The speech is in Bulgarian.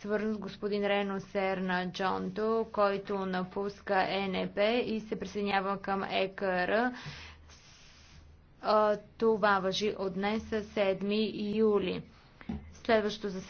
свързан с господин Рено Серна Джонто, който напуска ЕНП и се присъединява към ЕКР. Това въжи от днес, 7 юли. Следващото заседание.